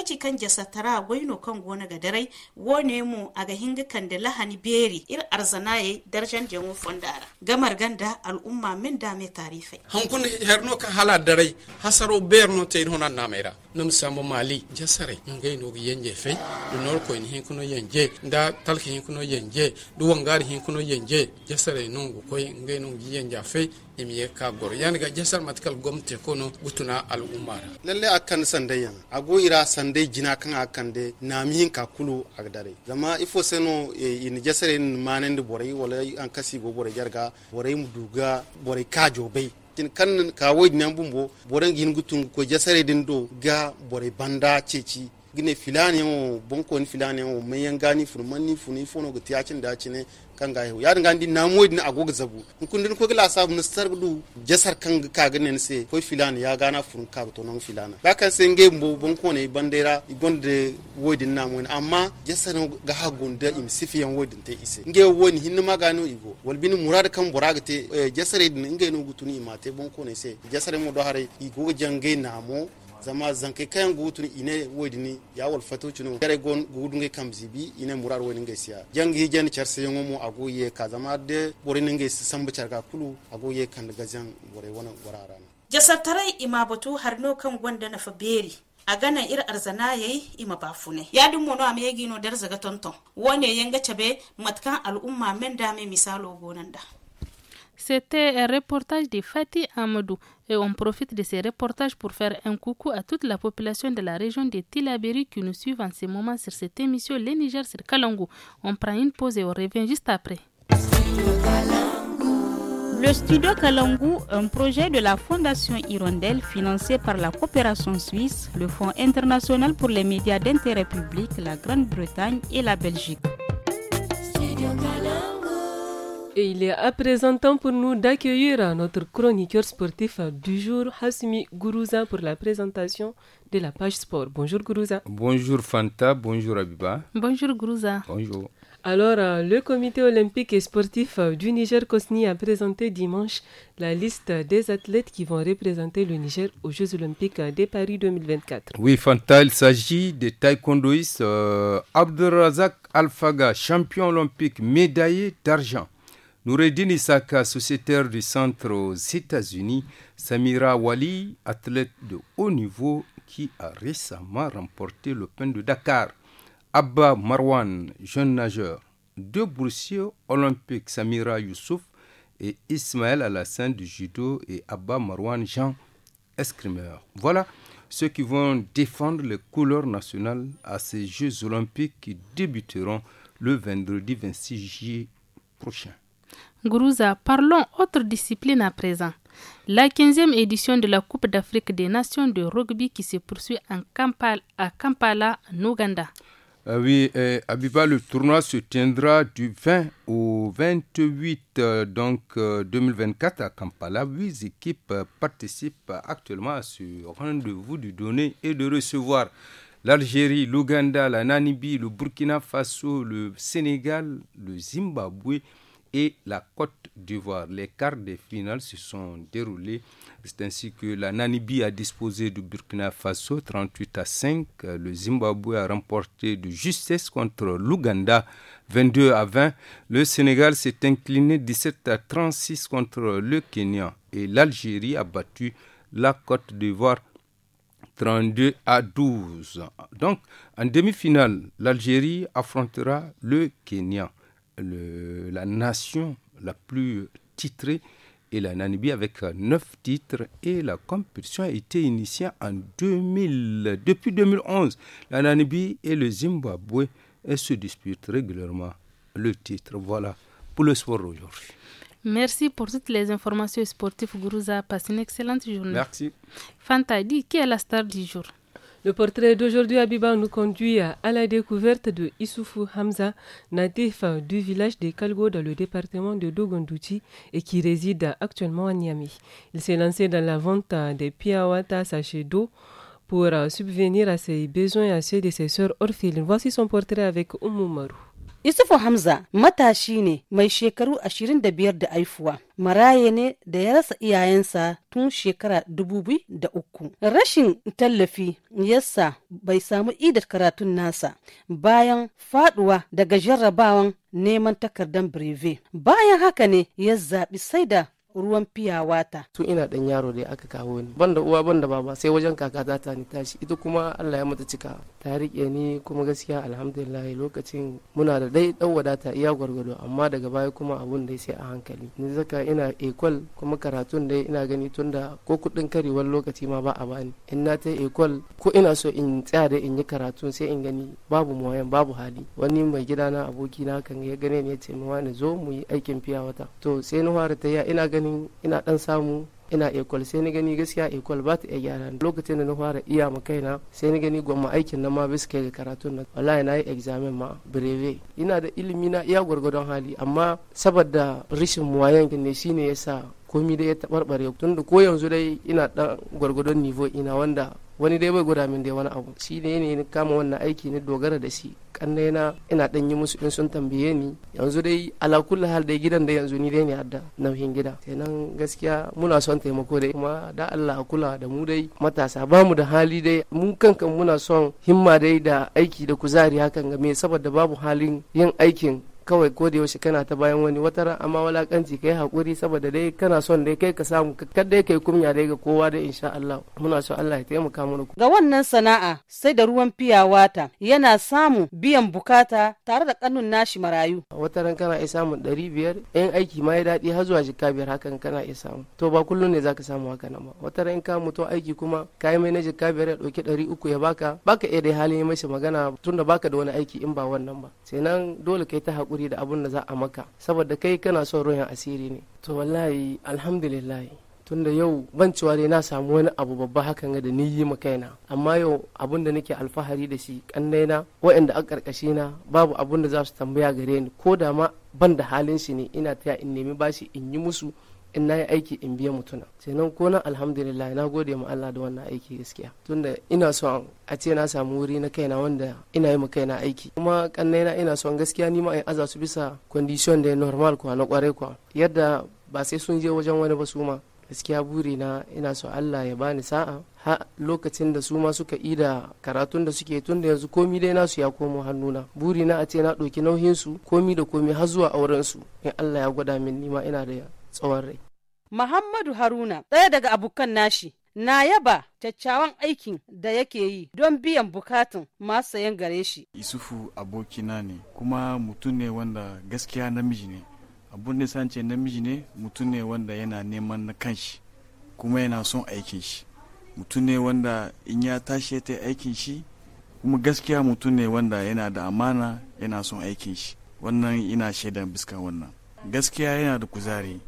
ci kan jasatara goino kan gona ga dare wone mo aga hinga kan da lahani beri ir arzana yayi darjan jemu fondara gamar ganda al'umma min da me tarifai hankun herno kan hala dare hasaro berno te hona namera nam sambo mali jasare ngai no yenje fei ɗum noon ko en hinkuno yen jeey nda talka hinkuno yen jeey ɗum wongaari hinkuno yen jeey jasara e nongo koye ngay non gi ja fe emi ye ka gor yani ga jasar matkal gomte kono butuna al umara lalle akkan sande yan ago ira sande jina kan akkan de hin ka kulu agdare zama ifo seno e, in jasare in manen de borai wala an kasi go borai jarga borai muduga borai kajo bai tin kan ka wodi nan bumbo bore gin gutun ko jasare din do ga borai banda ceci gine filani o bonko ni filani o mai yanga ni fur man ni funi fono ga tiyacin da ne kan ga ya dinga ndi na moyi na agoga zabu in kun din ko gila sa mun star du jasar kan ka gane ne se ko filani ya gana furun ka to non filana ba kan se nge mbo bonko ne bandera gonde wodi na amma jasar ga ha gonda im yan wodi te ise nge woni hinna magano igo walbini murad kan buraga te eh, jasar din nge no gutuni te bonko ne se jasar mo do hare go jange na mo zama zankai kayan gutun ine wodini ya wal fato chuno gare gon gudunge bi ine murar wani ngai siya jang hi jan charse yongo mo ago ye ka zama de bore ngai sambu charga kulu ago ye kan gazan bore wona warara. jasar tarai ima batu harno kan gwanda na faberi a ganan ir arzana yayi ima bafune ya din mono am yegi no dar zaga tonton wone yanga chabe matkan al'umma men da me misalo gonan da C'était un reportage de Fatih Amadou et on profite de ces reportages pour faire un coucou à toute la population de la région de Tilaberi qui nous suivent en ce moment sur cette émission Les Niger sur Kalangou. On prend une pause et on revient juste après. Le studio Kalangou, un projet de la Fondation Hirondelle financé par la coopération suisse, le Fonds international pour les médias d'intérêt public, la Grande-Bretagne et la Belgique. Et il est à présent temps pour nous d'accueillir notre chroniqueur sportif du jour, Hasmi Gourouza, pour la présentation de la page sport. Bonjour Gourouza. Bonjour Fanta, bonjour Abiba. Bonjour Gourouza. Bonjour. Alors, euh, le comité olympique et sportif euh, du Niger COSNI a présenté dimanche la liste des athlètes qui vont représenter le Niger aux Jeux olympiques euh, de Paris 2024. Oui, Fanta, il s'agit des taekwondoïstes euh, Abdelrazak Alfaga, champion olympique médaillé d'argent. Noureddin Isaka, sociétaire du centre aux États-Unis, Samira Wali, athlète de haut niveau qui a récemment remporté l'Open de Dakar, Abba Marwan, jeune nageur, deux boursiers olympiques, Samira Youssouf et Ismaël Alassane du judo et Abba Marwan Jean, escrimeur. Voilà ceux qui vont défendre les couleurs nationales à ces Jeux olympiques qui débuteront le vendredi 26 juillet prochain. Guruza, parlons autre discipline à présent. La 15e édition de la Coupe d'Afrique des Nations de rugby qui se poursuit en Kampala, à Kampala, en Ouganda. Ah oui, eh, Abiba, le tournoi se tiendra du 20 au 28 euh, donc, 2024 euh, à Kampala. Huit équipes euh, participent actuellement à ce rendez-vous de donner et de recevoir. L'Algérie, l'Ouganda, la Namibie, le Burkina Faso, le Sénégal, le Zimbabwe, et la Côte d'Ivoire. Les quarts de finale se sont déroulés. C'est ainsi que la Namibie a disposé du Burkina Faso 38 à 5. Le Zimbabwe a remporté de justesse contre l'Ouganda 22 à 20. Le Sénégal s'est incliné 17 à 36 contre le Kenya. Et l'Algérie a battu la Côte d'Ivoire 32 à 12. Donc, en demi-finale, l'Algérie affrontera le Kenya la nation la plus titrée est la Namibie avec neuf titres et la compétition a été initiée en 2000. Depuis 2011, la Namibie et le Zimbabwe se disputent régulièrement le titre. Voilà pour le sport aujourd'hui. Merci pour toutes les informations sportives, Gourouza. Passe une excellente journée. Merci. Fantadi, qui est la star du jour le portrait d'aujourd'hui à nous conduit à, la découverte de Issoufou Hamza, natif euh, du village de Kalgo dans le département de Dogondouti et qui réside actuellement à Niamey. Il s'est lancé dans la vente euh, des piawata sachets d'eau pour euh, subvenir à ses besoins et à ceux de ses sœurs orphelines. Voici son portrait avec Oumou Marou. Isufu Hamza matashi ne mai shekaru 25 da biyar da aifuwa. Maraye ne da ya rasa iyayensa tun shekara da uku. Rashin tallafi yasa bai samu idar karatun nasa bayan faduwa daga jarrabawan neman takardar breve. Bayan haka ne ya zaɓi sai da ruwan fiya wata. Tun ina ɗan yaro dai aka kawo ni. Ban da uwa ban da baba sai wajen kaka ta ta ni tashi ita kuma Allah ya mata cika. Ta riƙe ni kuma gaskiya alhamdulillah lokacin muna da dai ɗan wadata iya gwargwado amma daga baya kuma abun dai sai a hankali. Ni zaka ina ekwal kuma karatun dai ina gani tun da ko kuɗin karewar lokaci ma ba a bani. In na ta ekwal ko ina so in tsaya da in yi karatun sai in gani babu moyen babu hali. Wani mai gidana abokina kan ya gane ne ya ce ma wani zo mu yi aikin fiya wata. To sai na fara ta ya ina gani ganin ina dan samu ina ekol sai na gani gaskiya ekol ba ta iya gyara lokacin da na fara iya ma kaina sai na gani gwamma aikin na ma bisa kai ga karatun na wallahi na yi examen ma breve ina da ilimi na iya gwargwadon hali amma saboda rashin muwayan ne shine yasa komi da ya tabarbare tun da ko yanzu dai ina dan gwargwadon nivo ina wanda wani dai bai gwada min dai wani abu shi ne ne kama wannan aiki ne dogara da shi kanna na ina dan yi musu in sun tambaye ni yanzu dai ala kulli hal dai gidan da yanzu ni dai ne adda nauyin gida kenan gaskiya muna son taimako dai kuma da Allah a kula da mu dai matasa ba mu da hali dai mu kankan muna son himma dai da aiki da kuzari hakan game saboda babu halin yin aikin kawai ko da yaushe kana ta bayan wani wata amma walakanci kai hakuri saboda dai kana son dai kai ka samu kar dai kai kumya dai ga kowa da insha Allah muna so Allah ya taimaka mana ga wannan sana'a sai da ruwan fiyawata yana samu biyan bukata tare da kanun nashi marayu wata ran kana iya samun ɗari in aiki ma ya daɗi har zuwa jika biyar hakan kana iya samu to ba kullum ne zaka samu haka nan ba wata ran ka mutu aiki kuma kai mai na jika biyar ya ɗauki ɗari uku ya baka baka iya dai halin yi shi magana tunda baka da wani aiki in ba wannan ba sai nan dole kai ta Kuri da abun da za a maka saboda kai kana son ruhin asiri ne to wallahi alhamdulillah tunda yau ban cewa dai na samu wani abu babba hakan ga da ni yi ma kaina amma yau abun da nake alfahari da shi kannaina waɗanda a karkashe na babu abun da za su tambaya gare ni ko da ma ban da halin shi ne ina taya in nemi bashi in yi musu in na yi aiki in biya mutuna sannan ko nan alhamdulillah na gode ma Allah da wannan aiki gaskiya tunda ina so a ce na samu wuri na kaina wanda ina yi ma kaina aiki kuma kannaina ina so gaskiya ni ma in aza su bisa condition da normal kuwa na kware kwa yadda ba sai sun je wajen wani ba su ma gaskiya buri na ina so Allah ya bani sa'a ha lokacin da su ma suka da karatun da suke tun da yanzu komi dai nasu ya komo hannuna buri na a ce na ɗauki nauhin su komi da komi har zuwa auren su in Allah ya gwada min nima ina da tsawon rai. Muhammadu Haruna ɗaya daga abokan nashi na yaba kyakkyawan aikin da yake yi don biyan bukatun masu sayan gare shi. Isufu abokina ne kuma mutum ne wanda gaskiya namiji ne. Abun da sance namiji ne mutum ne wanda yana neman na kanshi kuma yana son aikin shi. Mutum ne wanda in ya tashi ta aikin shi kuma gaskiya mutum ne wanda yana da amana yana son aikin shi. Wannan ina shaidan biska wannan. Gaskiya yana da kuzari.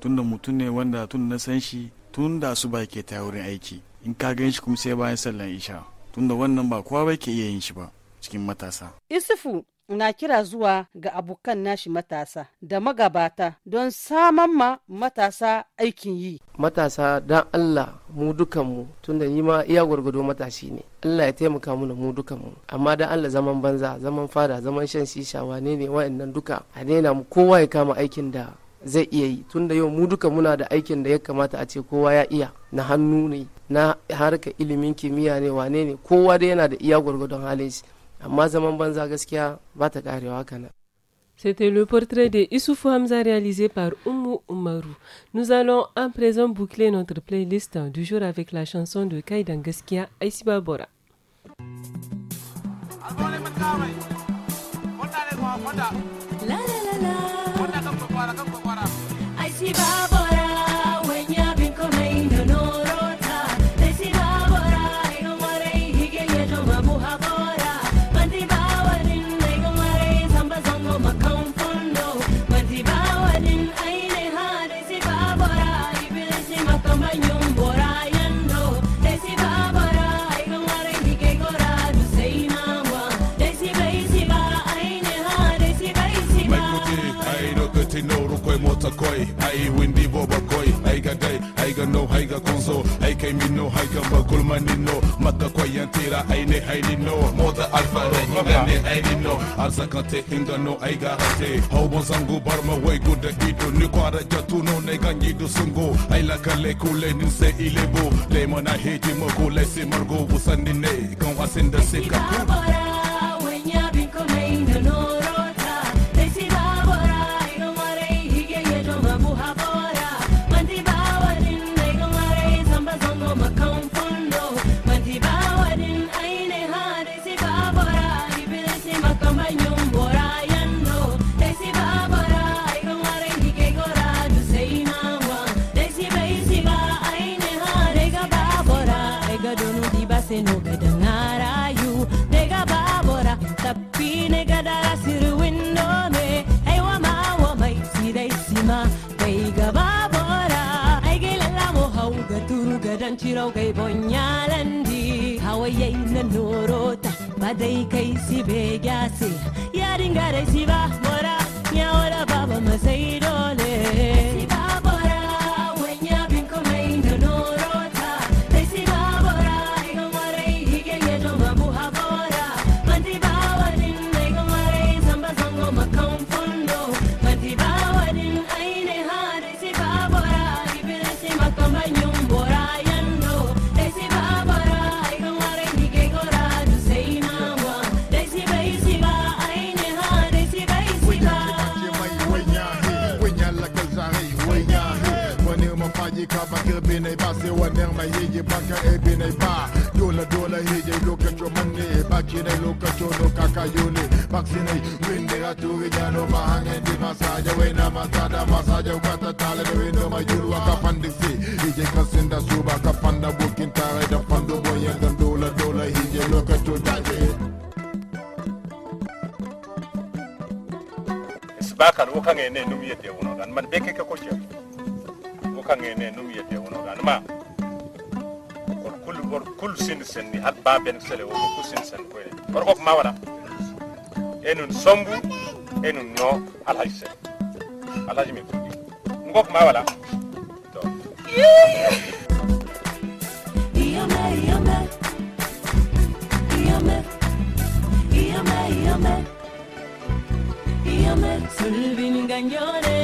tunda mutum ne wanda tun na san shi tun da su ba ke ta wurin aiki in ka gan shi kuma sai bayan sallan isha tunda wannan ba kowa ba ke iya yin shi ba cikin matasa. Isufu na kira zuwa ga abokan nashi matasa da magabata don saman ma matasa aikin yi. Matasa don Allah mu dukanmu tunda ni ma iya gwargwado matashi ne. Allah ya taimaka mana mu dukanmu amma don Allah zaman banza zaman fada zaman shan shisha wane ne wa'annan duka a daina mu kowa ya kama aikin da zai iya yi tunda yau mu duka muna da aikin da ya kamata a ce kowa ya iya na hannu ne na harka ilimin kimiyya ne wane ne kowa da yana da iya gwargwadon halin shi amma zaman banza gaskiya ba ta karewa kana C'était le portrait de Issoufou Hamza réalisé par Oumu Oumarou. Nous allons à présent boucler notre playlist du jour avec la chanson de Kaidan Gaskia, Aisiba Bora. La la la la. si va haiga no haiga konzo aikai mino haiga magul manino maka kwayantira aine hainino moda alfare ingane ainino arzakante ingano aiga hate haubo zangu barma waigu da ido ni kwara jatuno ne ganyido sungo aila kale kule ninse ilebo le mana heji mago le simargo busandine kan asinda sika dhaloogay bonyaalandii hawayayna noorota badaykaysii beegaasi yaadhingaadaysiba mora nyaawola baaba masayii kine luka chono kaka yule Baksine winde gaturi a n o mahange di masaja Wena masada masaja k a t a tale w e no m a y u r wakapandisi Ije kasinda suba kapanda bukin tare Da pando boye gandola dola Ije luka c h d a j e s b a k a wukangene numiye te unogan Man beke kakoche Wukangene numiye te unogan Ma gor kul sin sen ni hat ba ben sele wo kul sin sen ko par ok ma wala enun sombu enun no alhaji sen alhaji mi kudi ngok ma wala to Iyame, iyame, iyame, iyame, iyame, iyame, sulvin gagnone.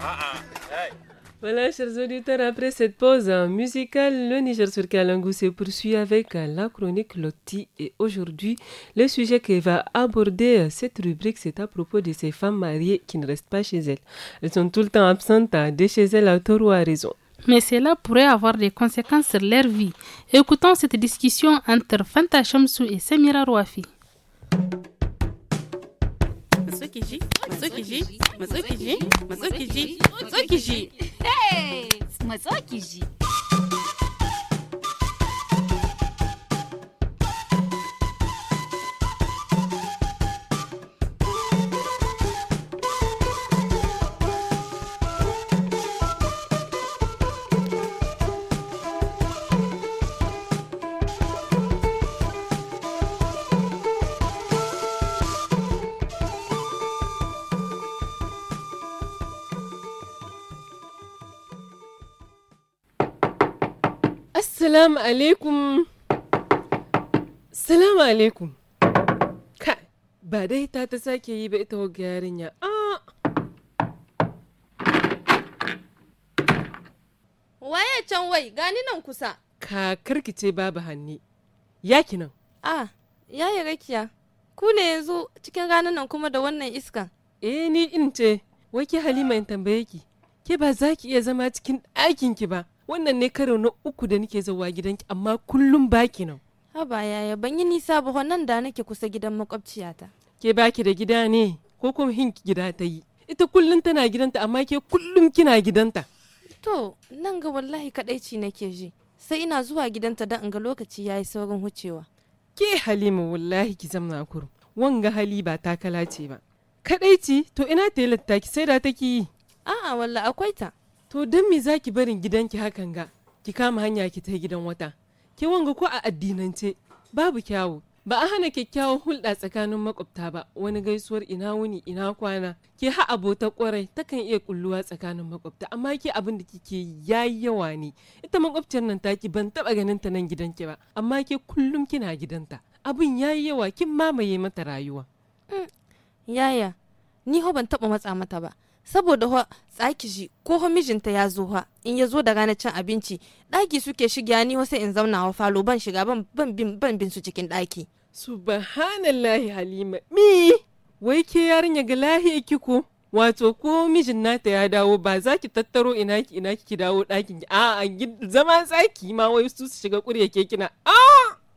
Ah, ah, voilà, chers auditeurs, après cette pause musicale, le Niger sur Kalangou se poursuit avec la chronique Lotti. Et aujourd'hui, le sujet que va aborder cette rubrique, c'est à propos de ces femmes mariées qui ne restent pas chez elles. Elles sont tout le temps absentes de chez elles à tort ou à raison. Mais cela pourrait avoir des conséquences sur leur vie. Écoutons cette discussion entre Fanta Chamsou et Samira Rouafi. Masukiji, Masukiji, Masukiji, Masukiji, Masukiji. Hey! Masukiji. Salamu alaikum. Salamu alaikum. Ka, ba dai ta ta sake yi ba ita wagga yarinya. Ah. Waye can wai gani nan kusa. Ka ce babu hanni. Yaki nan. Ah, yi rakiya. Ku ne yanzu cikin ranar nan kuma da wannan iska. E, eh, ni in ce, wai ki Halima in tambaye ki. Ke ba za ki iya zama cikin ɗakin ki ba. wannan ne karo na uku da nake zuwa gidanki amma kullum baki nan haba yaya ban yi nisa ba wannan da nake kusa gidan makwabciyata ke baki da gida ne ko kuma hin gida ta yi ita kullum tana gidanta amma ke kullum kina gidanta to nan ga wallahi kadaici nake ji sai ina zuwa gidanta dan in ga lokaci yayi saurin hucewa ke halima wallahi ki zamna kurum wanga hali ba takala ce ba kadaici to ina ta yi sai da take yi a'a walla akwai ta to don me za ki barin gidanki hakan ga ki kama hanya ki ta gidan wata ki wanga ko a addinance babu kyawu ba a hana kyakkyawan hulɗa tsakanin makwabta ba wani gaisuwar ina wuni ina kwana ke ha abota kwarai takan iya kulluwa tsakanin makwabta amma ke abin da kike yayi yawa ne ita makwabciyar nan taki ban taɓa ganin ta nan gidanki ba amma ke kullum kina gidanta abin yayi yawa kin mamaye mata rayuwa mm, yaya ni ho ban taɓa matsa mata ba saboda fa tsaki shi ko mijinta ya zo ha in ya zo da na cin abinci ɗaki suke shiga ni sai in zauna wa falo ban shiga ban bin ban bin su cikin ɗaki. subhanallahi halima mi wai ke yarinya ga lahiya kiko wato ko mijin nata ya dawo ba za ki tattaro ina ki ina ki dawo ɗakin a a zama tsaki ma wai su su shiga ƙurya ke kina a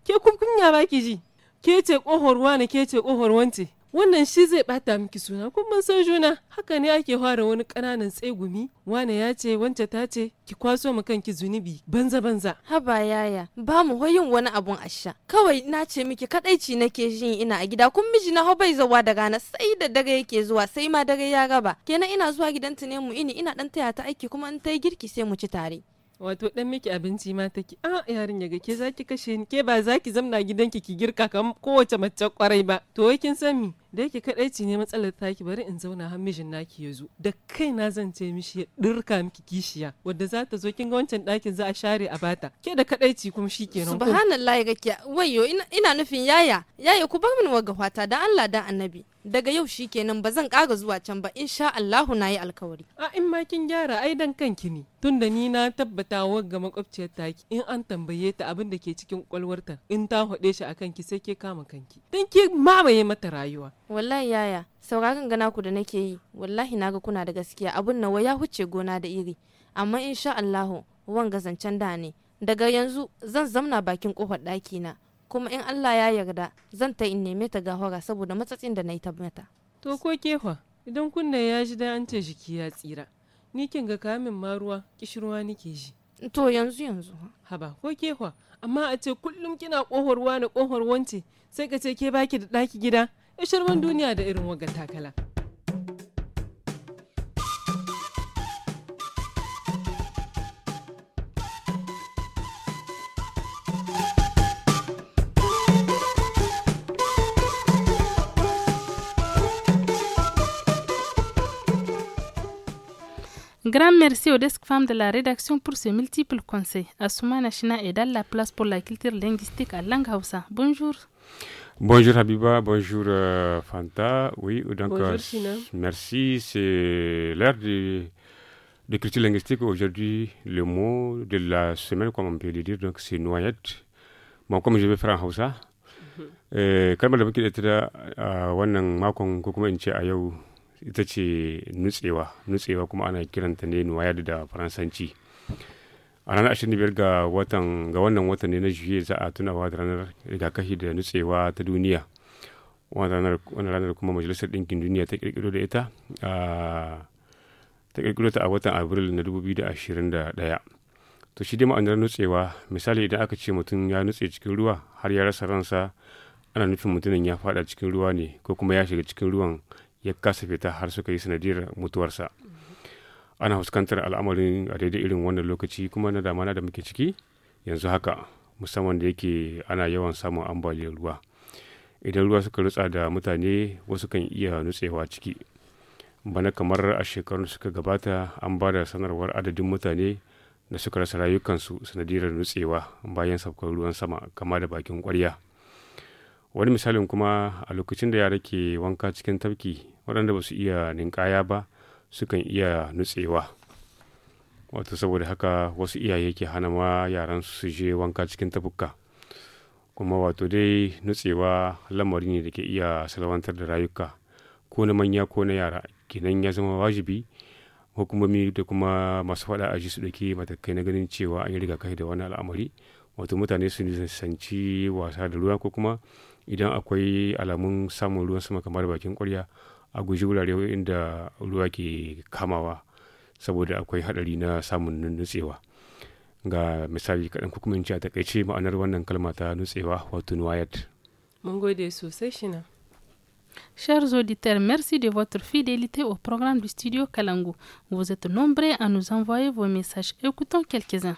ke kun kunya ba ki ji ke ce ƙohorwa na ke ce ƙohorwance wannan shi zai bata miki suna kun mun san juna haka ne ake fara wani kananan tsegumi wane ya ce wance ta ce ki kwaso mu kanki zunubi banza banza haba yaya ba mu hoyin wani abun asha kawai na ce miki kadaici nake jin ina a gida kun miji na bai zawa da rana sai da dare yake zuwa sai ma dare ya gaba kenan ina zuwa gidanta ne mu ini ina dan taya ta aiki kuma in ta girki sai mu ci tare wato dan miki abinci ma take a yarin yaga ke zaki kashe ni ke ba zaki zamna gidanki ki girka kam kowace mace kwarai ba to wai kin san da yake kaɗaici ne matsalar taki bari in zauna har mijin naki ya zo da kaina zan ce mishi ya dirka miki kishiya wadda za ta zo kin ga wancan dakin za a share a bata ke da ci kuma shikenan ya gakiya wayo ina nufin yaya yaya ku bar min waga fata dan Allah da annabi daga yau shikenan ba zan kara zuwa can ba insha Allahu na yi alkawari. A in ma kin gyara ai dan kanki ne tunda ni na tabbata waga makwabciyar taki in an tambaye ta abin da ke cikin kwalwarta in ta haɗe shi a kanki sai ke kama kanki. Dan ki mamaye mata rayuwa. wallahi yaya sauraron gana ku da nake yi wallahi naga kuna da gaskiya abun nawa ya huce gona da iri amma insha Allahu wanga zancen da ne daga yanzu zan zamna bakin kofar ɗaki na kuma in Allah ya yarda zan ta in neme ta gahora saboda matsatsin da na yi ta mata to ko kefa idan kunna ya ji dai an ce jiki ya tsira ni kin ga kamin ma ruwa kishirwa nike ji to yanzu yanzu haba ko kefa amma a ce kullum kina kohorwa na kohor wance sai ka ce ke baki da ɗaki gida shirman duniya da irin wagan takala Grand merci aux desk femmes de la rédaction pour ces multiples conseils. Asuma Nashina est dans la place pour la culture linguistique à Langhausa. Bonjour. Bonjour Habiba, bonjour euh, Fanta. Oui, euh, donc, bonjour, euh, merci. C'est l'heure de, de culture linguistique. Aujourd'hui, le mot de la semaine, comme on peut le dire, donc c'est noyette. Bon, comme je vais faire en Hausa, mhm. euh, kalmar da muke da ita a wannan makon ko kuma in ce a yau ita ce nutsewa. Nutsewa kuma ana kiranta ne noyade da Faransanci. a ranar biyar ga watan ga wannan watan ne na juye za a tunawa da ranar rigakafi da nutsewa ta duniya wannan ranar kuma majalisar ɗinkin duniya ta kirkiro da ita ta kirkiro ta a watan abril na 2021 to shi dai ma'anar nutsewa misali idan aka ce mutum ya nutse cikin ruwa har ya rasa ransa ana nufin mutumin ya fada cikin ruwa ne ko kuma ya shiga cikin ruwan ya kasa fita har suka yi sanadiyar mutuwarsa ana fuskantar al'amarin a daidai irin wannan lokaci kuma na damana da muke ciki yanzu haka musamman da yake ana yawan samun ambaliyar ruwa idan ruwa suka rutsa da mutane wasu kan iya nutsewa ciki bana kamar a shekarun suka gabata an ba da sanarwar adadin mutane da suka rasa rayukansu sanadirar nutsewa bayan saukar ruwan sama kama da bakin kwarya wani misalin kuma a lokacin da yara ke wanka cikin tafki waɗanda ba su iya ninkaya ba sukan iya nutsewa wato saboda haka wasu iyaye ke hana ma yaran su je wanka cikin tabuka kuma wato dai nutsewa lamari ne da ke iya salwantar da rayuka ko na manya ko na yara kenan ya zama wajibi hukumomi da kuma masu faɗa aji su ɗauki matakai na ganin cewa an yi rigakafi da wani al'amari wato mutane su nisanci wasa da ruwa ko kuma idan akwai alamun samun ruwan sama kamar bakin ƙwarya a guji wurare inda ruwa ke kamawa saboda akwai hadari na samun nutsewa ga misali kaɗan kuma in ce a takaice ma'anar wannan kalma ta nutsewa wato nuwayat mun gode sosai shina Chers auditeurs, merci de votre fidélité au programme du studio Kalangu. Vous êtes nombreux à nous envoyer vos messages. Écoutons quelques-uns.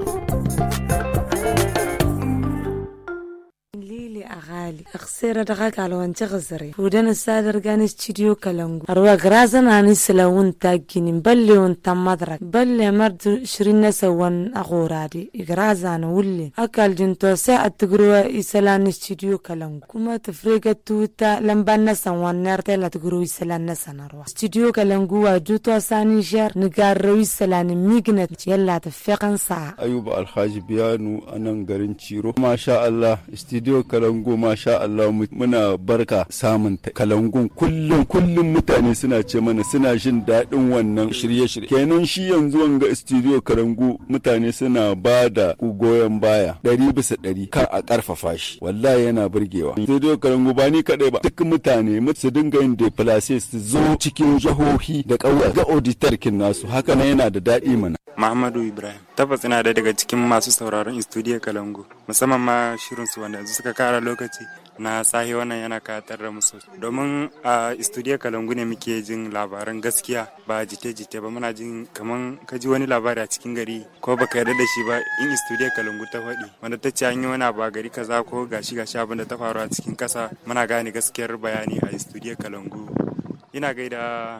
sera daga kalwan ci gazare fudan sadar gani studio kalangu arwa grazan ani silawun taginin balle won tamadrak balle mardu shirina sawan agoradi igrazan wulli akal jinto sa atgruwa isalan studio kalangu kuma tafrega tuta lambanna sawan nerte la tgruwa isalan sanarwa studio kalangu wa juto sani jar nigarrawi salan mignat yalla tafiqan sa ayuba alhaji biyanu anan garin ciro masha Allah studio kalangu masha Allah Allah muna barka samun kalangun kullum kullum mutane suna ce mana suna jin daɗin wannan shirye-shirye kenan shi yanzu wanga studio karangu mutane suna ba da goyon baya ɗari bisa ɗari k'a a ƙarfafa shi wallahi yana burgewa studio karangu ba ni kaɗai ba duk mutane su dinga yin deplace su zo cikin jihohi da ƙauye ga auditor kin nasu haka na yana da daɗi mana Muhammadu Ibrahim tabbas ina da daga cikin masu sauraron studio kalangu musamman ma shirin su wanda suka kara lokaci na sahi wannan yana katar da musu domin a studio kalangu ne muke jin labaran gaskiya ba jite-jite ba muna jin kamar ka ji wani labari a cikin gari ko baka yarda da shi ba in studio kalangu ta faɗi wanda ta ce an yi wani ba gari kaza ko gashi gashi abin da ta faru a cikin ƙasa muna gane gaskiyar bayani a studio kalangu ina gaida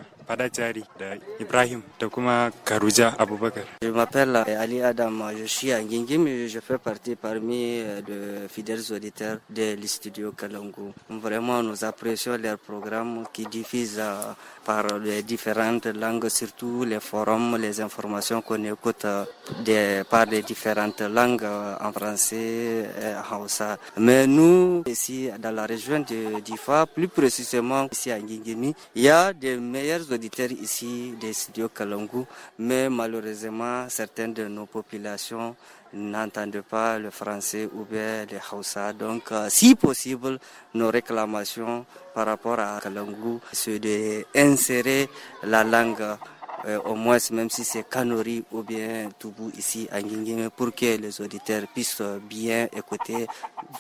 Je m'appelle euh, Ali Adam, je suis à Ngingim je fais partie parmi les euh, fidèles auditeurs de l'Istudio Kalangu. Vraiment, nous apprécions leur programme qui diffuse euh, par les différentes langues, surtout les forums, les informations qu'on écoute par les différentes langues en français et en Hausa. Mais nous, ici, dans la région de Difa, plus précisément ici à Ngingimi, il y a des meilleurs auditeurs ici des studios Kalangu, mais malheureusement, certaines de nos populations n'entendent pas le français ou bien le Hausa. Donc, euh, si possible, nos réclamations par rapport à Kalangu, c'est d'insérer la langue euh, au moins même si c'est Kanori ou bien Toubou ici à Nguingime pour que les auditeurs puissent bien écouter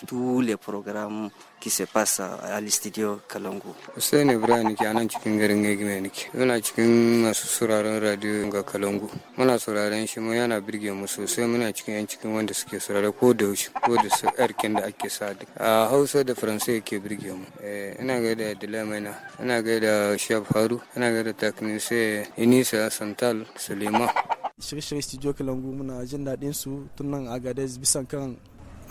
tous les programmes qui se passe à l'Istudio Kalangu. Hussein Ibrahim nake anan cikin garin Gegime niki. Muna cikin masu sauraron radio ga Kalangu. Muna sauraron shi mu yana birge mu sosai muna cikin yan cikin wanda suke saurare ko da yaushe ko da su erkin da ake sa A Hausa da Faransai yake birge mu. Eh, ina gaida da Maina, ina gaida Shab Haru, ina gaida Taknise Inisa Santal Suleiman. shirye-shirye studio kalangu muna jin daɗin su tun nan a gadez bisan kan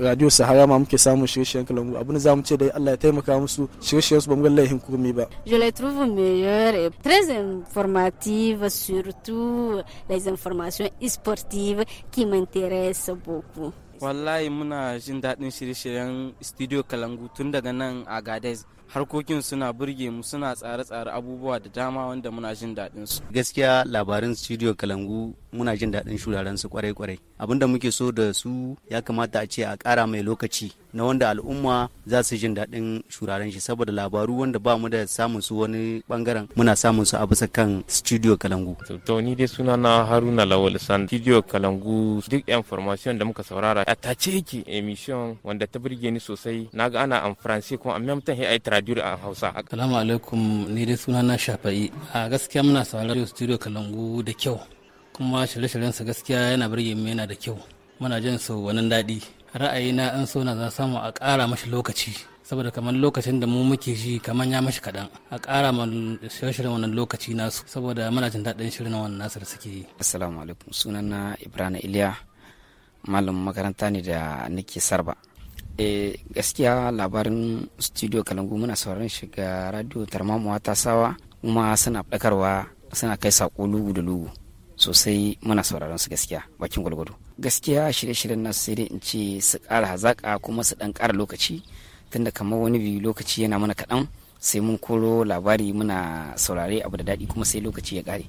radio sahara ma muke samun shirye-shiryen kalangu abin da zamu ce dai Allah ya taimaka musu shirye-shiryen su ba mu ga laihin kurmi ba je les trouve meilleur et très informative surtout les informations sportives qui m'intéressent beaucoup wallahi muna jin daɗin shirye-shiryen studio kalangu tun daga nan a gadez harkokin suna burge mu suna tsare-tsare abubuwa da dama wanda muna jin daɗin su gaskiya labarin studio kalangu muna jin daɗin shuraren su kwarai-kwarai abinda muke so da su ya kamata a ce a ƙara mai lokaci na wanda al'umma za su jin daɗin shuraren shi saboda labaru wanda ba mu da samun su wani bangaren muna samun su a bisa kan studio kalangu to ni dai suna na haruna lawal san studio kalangu duk information da muka saurara a tace yake emission wanda ta burge ni sosai na ga ana an faransi kuma amma mutan ai da a hausa assalamu alaikum ni dai suna na shafa'i a gaskiya muna sauraron studio kalangu da kyau kuma shirye-shiryensa gaskiya yana burge mu yana da kyau muna jin su wannan daɗi ra'ayina an so na za samu a ƙara mashi lokaci saboda kamar lokacin da mu muke shi kamar ya mashi kaɗan a ƙara ma shirin wannan lokaci nasu saboda muna jin daɗin shirin wannan nasu da suke yi assalamu alaikum sunana ibrahim iliya malam makaranta ne da nake sarba e gaskiya labarin studio kalangu muna sauraron shiga radio tarmamuwa ta sawa kuma suna ɗakarwa suna kai saƙo lugu da lugu sosai muna sauraron su gaskiya bakin gwalgwado gaskiya shirye-shiryen nasu sai dai in ce su ƙara hazaƙa kuma su ɗan ƙara lokaci tunda kamar wani biyu lokaci yana mana kaɗan sai mun koro labari muna saurare abu da daɗi kuma sai lokaci ya ƙare.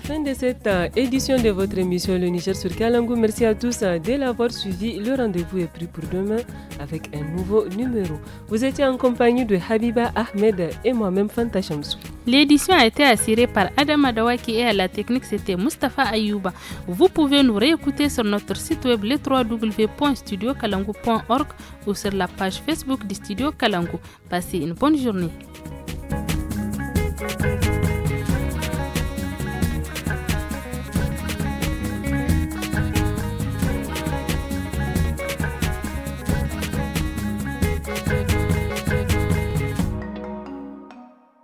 fin de cette euh, édition de votre émission Le Niger sur Kalangou. Merci à tous euh, de l'avoir suivi. Le rendez-vous est pris pour demain avec un nouveau numéro. Vous étiez en compagnie de Habiba Ahmed et moi-même Fanta Chamsou. L'édition a été assurée par Adam Adawa qui est à la technique c'était Mustapha Ayuba. Vous pouvez nous réécouter sur notre site web le www.studiokalangu.org ou sur la page Facebook du Studio Kalangu. Passez une bonne journée.